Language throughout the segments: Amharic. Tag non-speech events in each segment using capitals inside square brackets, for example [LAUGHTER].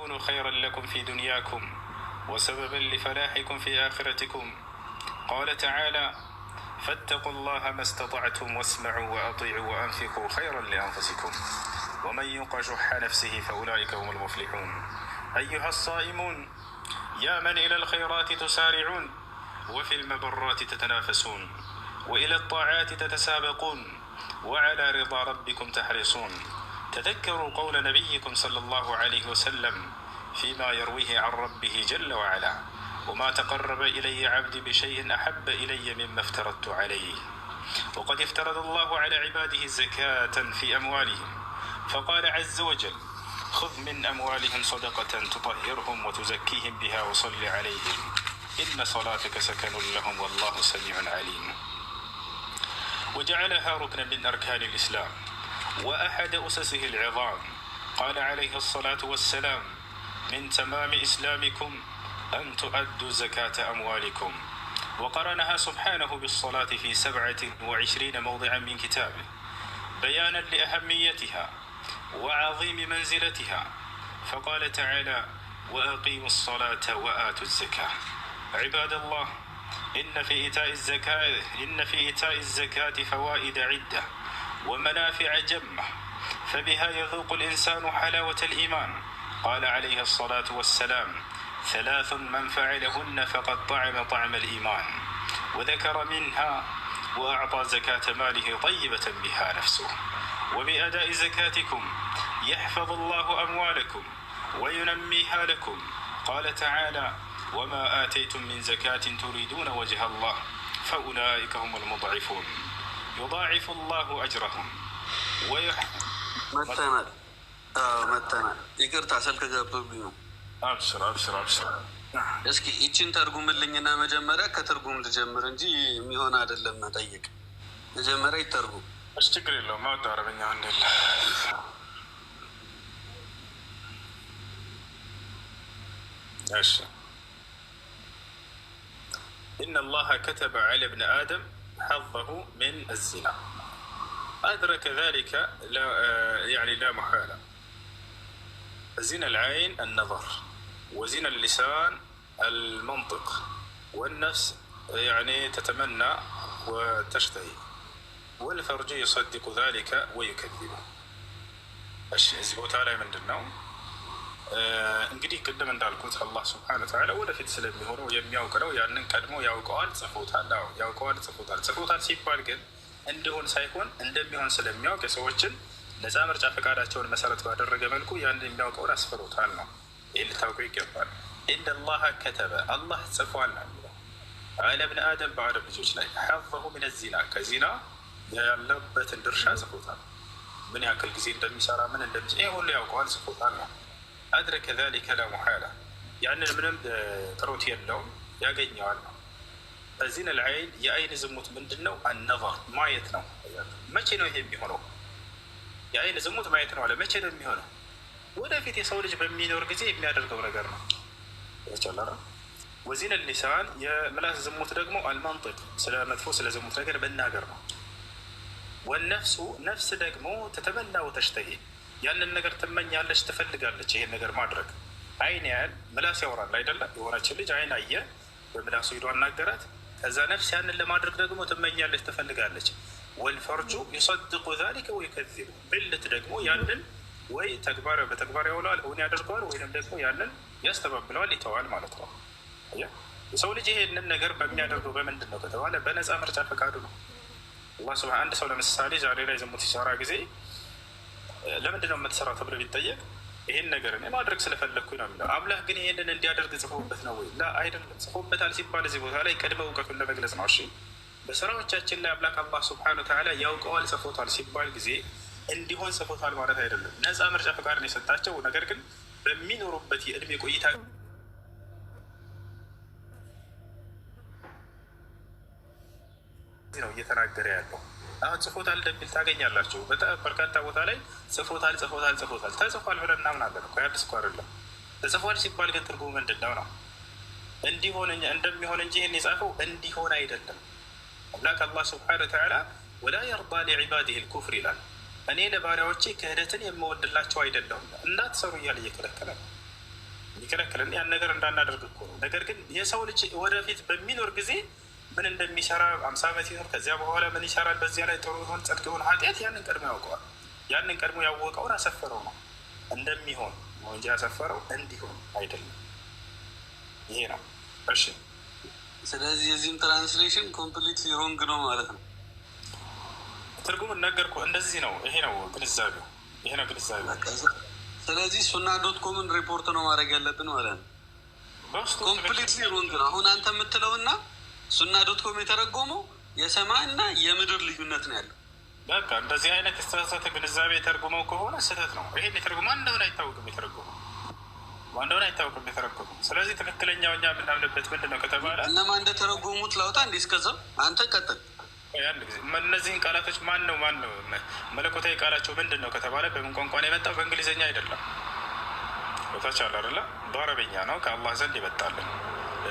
يكون خيرا لكم في دنياكم وسببا لفلاحكم في آخرتكم قال تعالى فاتقوا الله ما استطعتم واسمعوا وأطيعوا وأنفقوا خيرا لأنفسكم ومن يوق شح نفسه فأولئك هم المفلحون أيها الصائمون يا من إلى الخيرات تسارعون وفي المبرات تتنافسون وإلى الطاعات تتسابقون وعلى رضا ربكم تحرصون تذكروا قول نبيكم صلى الله عليه وسلم فيما يرويه عن ربه جل وعلا وما تقرب إلي عبدي بشيء أحب إلي مما افترضت عليه وقد افترض الله على عباده زكاة في أموالهم فقال عز وجل خذ من أموالهم صدقة تطهرهم وتزكيهم بها وصل عليهم إن صلاتك سكن لهم والله سميع عليم وجعلها ركنا من أركان الإسلام وأحد أسسه العظام قال عليه الصلاة والسلام من تمام إسلامكم أن تؤدوا زكاة أموالكم وقرنها سبحانه بالصلاة في سبعة وعشرين موضعا من كتابه بيانا لأهميتها وعظيم منزلتها فقال تعالى وأقيموا الصلاة وآتوا الزكاة عباد الله إن في إيتاء الزكاة إن في إيتاء الزكاة فوائد عدة ومنافع جمة فبها يذوق الإنسان حلاوة الإيمان قال عليه الصلاة والسلام ثلاث من فعلهن فقد طعم طعم الإيمان وذكر منها وأعطى زكاة ماله طيبة بها نفسه وبأداء زكاتكم يحفظ الله أموالكم وينميها لكم قال تعالى وما آتيتم من زكاة تريدون وجه الله فأولئك هم المضعفون يضاعف الله أجرهم ويح... መተናል መተናል። ይቅርታ ስልክ ገብቶብኝ። አብሽር አብሽር አብሽር። እስኪ ይችን ተርጉምልኝና መጀመሪያ ከትርጉም ልጀምር እንጂ የሚሆን አይደለም መጠየቅ። መጀመሪያ ይተርጉም። እሺ፣ ችግር የለውም። ማወጣ አረበኛ እንዴለ እሺ إن الله كتب على ابن آدم حظه من الزنا أدرك ذلك لا آه، يعني لا محالة زنا العين النظر وزنا اللسان المنطق والنفس يعني تتمنى وتشتهي والفرج يصدق ذلك ويكذبه سبحانه تعالى من النوم እንግዲህ ቅድም እንዳልኩት አላህ ስብሐነ ወተዓላ ወደፊት ስለሚሆነው የሚያውቅ ነው። ያንን ቀድሞ ያውቀዋል፣ ጽፎታል። አዎ ያውቀዋል፣ ጽፎታል። ጽፎታል ሲባል ግን እንዲሆን ሳይሆን እንደሚሆን ስለሚያውቅ የሰዎችን ነፃ ምርጫ ፈቃዳቸውን መሰረት ባደረገ መልኩ ያንን የሚያውቀውን አስፍሮታል ነው። ይህ ልታውቁ ይገባል። ኢነ ከተበ አላህ ጽፏል ነው አለ ብን አደም በአደም ልጆች ላይ ሐዘሁ ምን ዚና ከዚና ያለበትን ድርሻ ጽፎታል። ምን ያክል ጊዜ እንደሚሰራ ምን እንደሚ ይህ ሁሉ ያውቀዋል፣ ጽፎታል ነው أدرك ذلك لا محالة يعني من تروتي النوم يا قيني على أزين العين يا أين زموت من النوم النظر ما يتنو ما تنو هي بيهونو يا أين زموت ما يتنو على ما تنو بيهونو ولا في تصور جب من يدور قزي بما يدرك ورقرنا وزين اللسان يا ملاس زموت رقمو المنطق سلامة فوس لزموت رقم بناقرنا والنفس نفس رقمو تتمنى وتشتهي ያንን ነገር ትመኛለች፣ ትፈልጋለች ይሄን ነገር ማድረግ። አይን ያህል ምላስ ያወራል አይደለም? የሆነችን ልጅ አይን አየ፣ በምላሱ ሂዶ አናገራት። ከዛ ነፍስ ያንን ለማድረግ ደግሞ ትመኛለች፣ ትፈልጋለች። ወልፈርጁ ዩሰድቁ ዛሊከ ወይ ከዚቡ ብልት ደግሞ ያንን ወይ ተግባር በተግባር ያውለዋል፣ እውን ያደርገዋል፣ ወይም ደግሞ ያንን ያስተባብለዋል፣ ይተዋል ማለት ነው። የሰው ልጅ ይሄንን ነገር በሚያደርገው በምንድን ነው ከተባለ በነፃ ምርጫ ፈቃዱ ነው። አላህ ስብሃነ አንድ ሰው ለምሳሌ ዛሬ ላይ ዝሙት ሲሰራ ጊዜ ለምንድን ነው የምትሰራው ተብሎ ቢጠየቅ ይህን ነገር እኔ ማድረግ ስለፈለግኩ ነው የሚለው። አምላክ ግን ይህንን እንዲያደርግ ጽፎበት ነው ወይ? አይደለም። ጽፎበታል ሲባል እዚህ ቦታ ላይ ቅድመ እውቀቱን ለመግለጽ ነው። እሺ፣ በስራዎቻችን ላይ አምላክ አላህ ሱብሓነሁ ወተዓላ ያውቀዋል ጽፎታል ሲባል ጊዜ እንዲሆን ጽፎታል ማለት አይደለም። ነፃ ምርጫ ፈቃድ ነው የሰጣቸው። ነገር ግን በሚኖሩበት የእድሜ ቆይታ ነው እየተናገረ ያለው አሁን ጽፎታል እንደሚል ታገኛላችሁ። በጣም በርካታ ቦታ ላይ ጽፎታል ጽፎታል ጽፎታል ተጽፏል ብለን እናምናለን እኮ የአዲስ እኮ አይደለም። ተጽፏል ሲባል ግን ትርጉሙ ምንድን ነው ነው እንዲሆን እንደሚሆን እንጂ ይህን የጻፈው እንዲሆን አይደለም። አምላክ አላህ ስብሐነ ወተዓላ ወላ የርዳ ሊዕባድህ ልኩፍር ይላል። እኔ ለባሪያዎቼ ክህደትን የምወድላቸው አይደለሁም እንዳትሰሩ እያለ እየከለከለ ይከለክለን ያን ነገር እንዳናደርግ እኮ ነው። ነገር ግን የሰው ልጅ ወደፊት በሚኖር ጊዜ ምን እንደሚሰራ አምሳ ዓመት ይሆን ከዚያ በኋላ ምን ይሰራል፣ በዚያ ላይ ጥሩ ይሆን ጸድቅ ይሁን ኃጢአት ያንን ቀድሞ ያውቀዋል። ያንን ቀድሞ ያወቀውን አሰፈረው ነው እንደሚሆን እንጂ ያሰፈረው እንዲሆን አይደለም። ይሄ ነው እሺ። ስለዚህ የዚህም ትራንስሌሽን ኮምፕሊት ሮንግ ነው ማለት ነው። ትርጉም ነገርኩ። እንደዚህ ነው። ይሄ ነው ግንዛቤው። ይሄ ነው ግንዛቤው። ስለዚህ ሱና ዶት ኮምን ሪፖርት ነው ማድረግ ያለብን ማለት ነው። ኮምፕሊት ሮንግ ነው አሁን አንተ የምትለውና ሱና ዶት ኮም የተረጎመው የሰማይና የምድር ልዩነት ነው ያለው። በቃ እንደዚህ አይነት የተሳሳተ ግንዛቤ የተርጉመው ከሆነ ስህተት ነው። ይሄን የተረጎመው ማን እንደሆነ አይታወቅም። የተረጎመው ማን እንደሆነ አይታወቅም። የተረጎመው ስለዚህ ትክክለኛው እኛ የምናምንበት ምንድን ነው ከተባለ እነማ እንደተረጎሙት ለውጣ እንዲ እስከዛው አንተ ቀጥል። አንድ ጊዜ እነዚህን ቃላቶች ማን ነው ማን ነው መለኮታዊ ቃላቸው ምንድን ነው ከተባለ በምን ቋንቋ ነው የመጣው? በእንግሊዝኛ አይደለም። ቦታች አለ አይደለ? በአረበኛ ነው ከአላህ ዘንድ ይመጣልን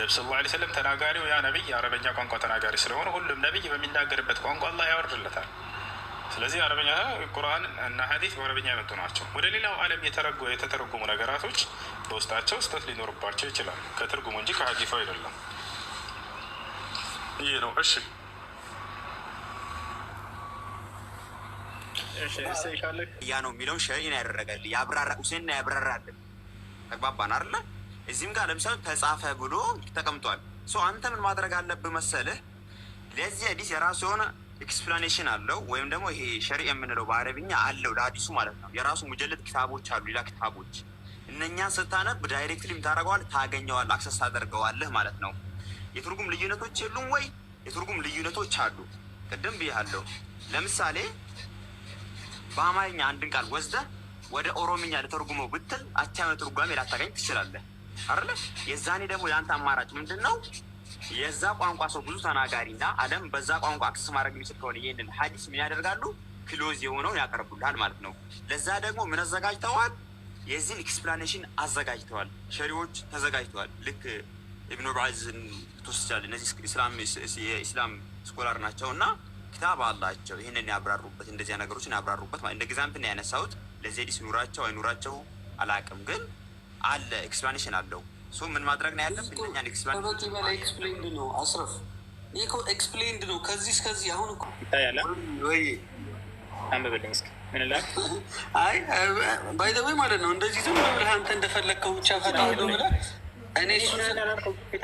ነብ ስለ ላ ስለም ተናጋሪው ያ ነቢይ አረበኛ ቋንቋ ተናጋሪ ስለሆነ ሁሉም ነቢይ በሚናገርበት ቋንቋ አላህ ያወርድለታል። ስለዚህ አረበኛ ቁርአን እና ሀዲስ በአረበኛ የመጡ ናቸው። ወደ ሌላው ዓለም የተተረጉሙ ነገራቶች በውስጣቸው ስህተት ሊኖርባቸው ይችላል። ከትርጉሙ እንጂ ከሀዲሱ አይደለም። ይህ ነው። እሺ ያ ነው የሚለውን ሸሪን ያደረጋል ያብራራ ሁሴንና ያብራራል ተግባባን አይደለ እዚህም ጋር ለምሳሌ ተጻፈ ብሎ ተቀምጧል። አንተ ምን ማድረግ አለብህ መሰልህ? ለዚህ ሀዲስ የራሱ የሆነ ኤክስፕላኔሽን አለው ወይም ደግሞ ይሄ ሸሪ የምንለው በአረብኛ አለው ለሀዲሱ ማለት ነው። የራሱ ሙጀለድ ኪታቦች አሉ፣ ሌላ ኪታቦች። እነኛን ስታነብ ዳይሬክትሊ የምታደርገዋል ታገኘዋል፣ አክሰስ ታደርገዋለህ ማለት ነው። የትርጉም ልዩነቶች የሉም ወይ? የትርጉም ልዩነቶች አሉ። ቅድም ብያለሁ። ለምሳሌ በአማርኛ አንድን ቃል ወስደህ ወደ ኦሮምኛ ልተርጉመው ብትል አቻ ትርጓሜ ላታገኝ ትችላለህ። አይደለ? የዛኔ ደግሞ የአንተ አማራጭ ምንድን ነው? የዛ ቋንቋ ሰው ብዙ ተናጋሪ እና አለም በዛ ቋንቋ አክሰስ ማድረግ የሚችል ከሆነ ይህንን ሀዲስ ምን ያደርጋሉ? ክሎዝ የሆነውን ያቀርቡልሃል ማለት ነው። ለዛ ደግሞ ምን አዘጋጅተዋል? የዚህን ኤክስፕላኔሽን አዘጋጅተዋል። ሸሪዎች ተዘጋጅተዋል። ልክ ኢብኑ ባዝን ትወስጃለህ። እነዚህ የኢስላም ስኮላር ናቸው እና ክታብ አላቸው። ይህንን ያብራሩበት እንደዚያ ነገሮችን ያብራሩበት ማለት እንደ ግዛምፕን ያነሳሁት ለዚህ ዲስ ኑራቸው አይኑራቸው አላቅም ግን አለ ኤክስፕላኔሽን አለው። ምን ማድረግ ነው ያለም እንደኛን ኤክስፕላኔሽን ነው አስረፍ ይህ ኤክስፕሌንድ ነው። ከዚህ እስከዚህ አሁን እኮ ይታያል። ወይ አንብብልኝ እስኪ ምን ላ [LAUGHS] አይ ባይ ዘ ወይ ማለት ነው እንደዚህ ዝም ብለህ አንተ እንደፈለግከው ብቻ ፈታ ሄዶ ብለህ እኔ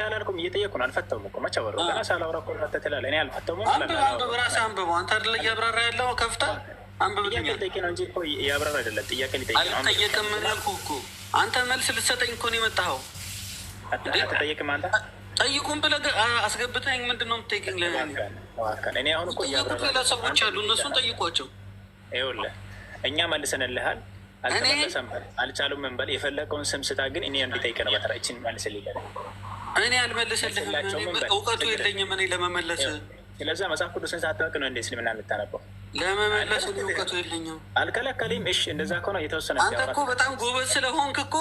አላልኩም። እየጠየኩ ነው። አልፈተውም እኮ መቼ በለው ገና ሳላወራ እኮ መተህ ትላለህ። እኔ አልፈተውም። አንብብ ራስህ አንብበው። አንተ አይደለ እያብራራ ያለው ከፍተህ አንብብ። ጥያቄ ነው እንጂ እኮ እያብራራ አይደለም። ጥያቄ ሊጠይቅ ነው። አልጠየቅም እኮ አንተ መልስ ልትሰጠኝ እኮ ነው የመጣኸው። አትጠይቅም አንተ ጠይቁን ብለህ አስገብተኝ ምንድን ነው የምትጠይቀኝ? ለእኔ አሁን ጠይቁት። ሌላ ሰዎች አሉ እነሱን ጠይቋቸው። ይኸውልህ እኛ መልሰንልሃል። አልተመለሰም በል አልቻሉም እንበል የፈለገውን ስም ስጣ። ግን እኔ እንዲጠይቅ ነው በተራ መልስ መልስልኝ። እኔ አልመልስልህም፣ እውቀቱ የለኝም እኔ ለመመለስ። ስለዚ መጽሐፍ ቅዱስን ሳታውቅ ነው እንደ እስልምና የምታነበው ለመመለስ እውቀቱ የለኝም። አልከለከሌም። እሺ እንደዛ ከሆነ የተወሰነ አንተ እኮ በጣም ጎበዝ ስለሆንክ እኮ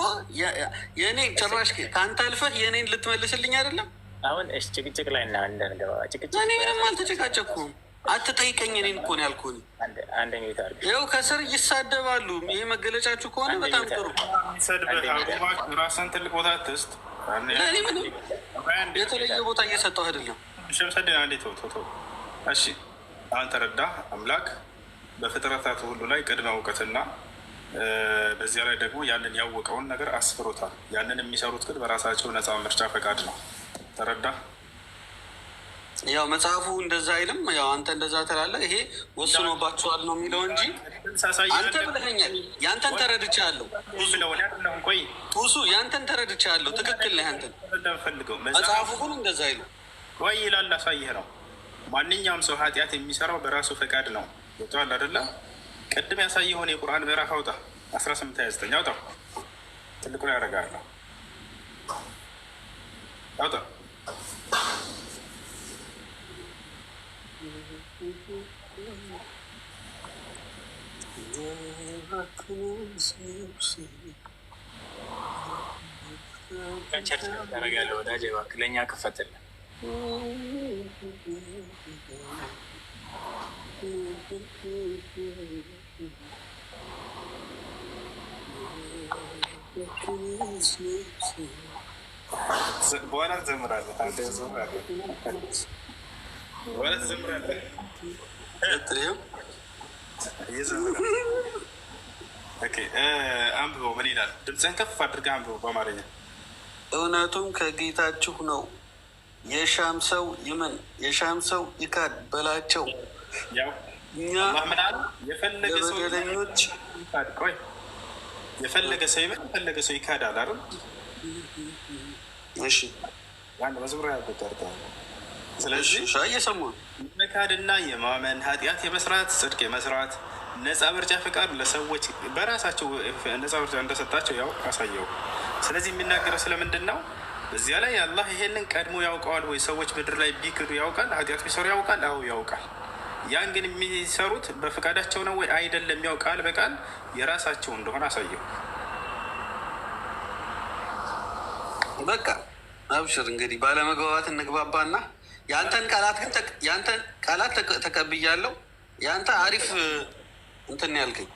የእኔ ጭራሽ ከአንተ አልፈህ የእኔን ልትመልስልኝ አይደለም። አሁን እሺ ጭቅጭቅ ላይ እና እንደንገባ ጭቅጭቅ እኔ ምንም አልተጨቃጨኩም። አትጠይቀኝ። እኔን እኮ ነው ያልኩህ። ይኸው ከስር ይሳደባሉ። ይሄ መገለጫችሁ ከሆነ በጣም ጥሩ። ራስን ትልቅ ቦታ ትስጥ። ለእኔ ምንም የተለየ ቦታ እየሰጠው አይደለም። እሺ አንተ ረዳ አምላክ በፍጥረታት ሁሉ ላይ ቅድመ እውቀትና በዚያ ላይ ደግሞ ያንን ያወቀውን ነገር አስፍሮታል። ያንን የሚሰሩት ግን በራሳቸው ነፃ ምርጫ ፈቃድ ነው። ተረዳ። ያው መጽሐፉ እንደዛ አይልም። ያው አንተ እንደዛ ትላለህ። ይሄ ወስኖባቸዋል ነው የሚለው እንጂ አንተ ብለኛል። ያንተን ተረድቻለሁ። ሱ ያንተን ተረድቻለሁ። ትክክል ነህ። ያንተን መጽሐፉ ግን እንደዛ አይልም ወይ ይላል። አሳይህ ነው ማንኛውም ሰው ኃጢአት የሚሰራው በራሱ ፈቃድ ነው። ወጥተዋል አደለ? ቅድም የሆነ የቁርአን ምዕራፍ አውጣ፣ 18 29 አውጣ። ትልቁ ላይ ያደርጋል ነው አውጣ። ቸርች ያደረጋለ ወዳጅ ባክለኛ ክፈትልን በእውነት ዘምራለሁ። አንብበው ምን ይላል? ድምፅህን ከፍ አድርገህ አንብበው በአማርኛ። እውነቱም ከጌታችሁ ነው የሻም ሰው ይመን የሻም ሰው ይካድ በላቸው። እኛ የበደለኞች የፈለገ ሰው ይመን የፈለገ ሰው ይካድ አይደል? እሺ አንድ መዝሙር ያበጠርጠ ስለዚህ እየሰማሁ የመካድና የማመን ኃጢአት የመስራት ጽድቅ የመስራት ነፃ ምርጫ ፍቃድ ለሰዎች በራሳቸው ነፃ ምርጫ እንደሰጣቸው ያው አሳየው። ስለዚህ የሚናገረው ስለምንድን ነው? በዚያ ላይ አላህ ይሄንን ቀድሞ ያውቀዋል ወይ? ሰዎች ምድር ላይ ቢክዱ ያውቃል፣ ኃጢአት ቢሰሩ ያውቃል። አሁ ያውቃል። ያን ግን የሚሰሩት በፈቃዳቸው ነው ወይ አይደለም? ያው ቃል በቃል የራሳቸው እንደሆነ አሳየው። በቃ አብሽር እንግዲህ ባለመግባባት እንግባባና የአንተን ቃላት ግን የአንተን ቃላት ተቀብያለሁ። የአንተ አሪፍ እንትን ያልከኝ